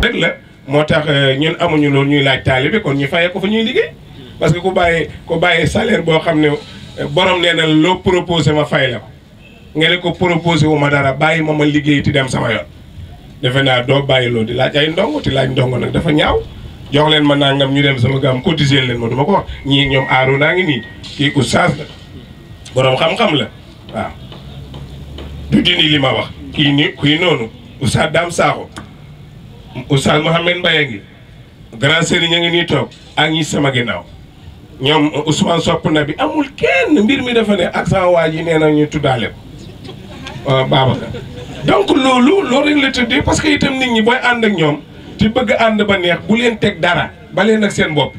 dëgg la moo tax euh, ñun amuñu loolu ñuy laaj taalibe kon ñu fayee ko fa ñuy liggéey parce que ku bàyyee ku bàyyi salaire boo xam ne euh, borom nee na loo proposé ma fay la ko nga ne ko proposé wu ma dara bàyyi ma ma liggéey ti dem sama yoon. defe naa doo bàyyi loolu di laaj ay ndongo ti laaj ndongo nag dafa ñaaw jox leen ma naa nangam ñu dem sama gam cotiser leen ma du ma ko wax ñii ñoom aaru naa ngi nii kii oustaz la boroom xam-xam la waaw du dindi li ma wax kii nii kii noonu oustaz Oustaz Mouhamed Mbaye ngi grand sëriñ a ngi nii toog ak ñi sama ginnaaw ñoom Ousmane sopp na bi amul kenn mbir mi dafa ne ak sama waa ji nee na ñuy tuddaale ko Babacar donc loolu loolu rek la tëddee parce que itam nit ñi booy ànd ak ñoom te bëgg ànd ba neex bu leen teg dara ba leen ak seen bopp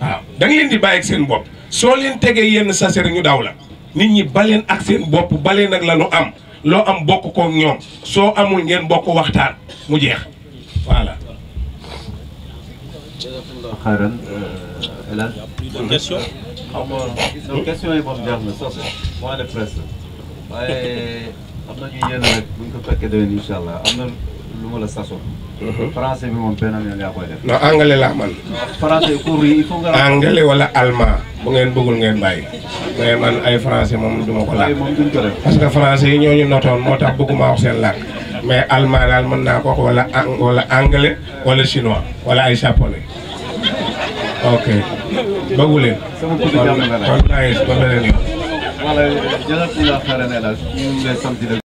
waaw da leen di bàyyi ak seen bopp soo leen tegee yenn sa rek daw la nit ñi baleen ak seen bopp baleen ak la nu am loo am bokk kook ñoom soo amul ngeen bokk waxtaan mu jeex Voilà. xaaral Elane. Euh, na sax de presse la waaye am na ñu yéen am na lu ma la sasoon. Uh-huh. français bi moom benn yoon yaa koy def. non anglais laa man. français cours yi il faut nga. anglais wala allemand bu ngeen bëggul ngeen bàyyi. mais man ay français moom duma ko làkk. parce que france yi ñoo ñu notoon moo tax bëgguma wax seen làkk. mais allemand daal mën naa ko wax chinois wala ay ok ba beneen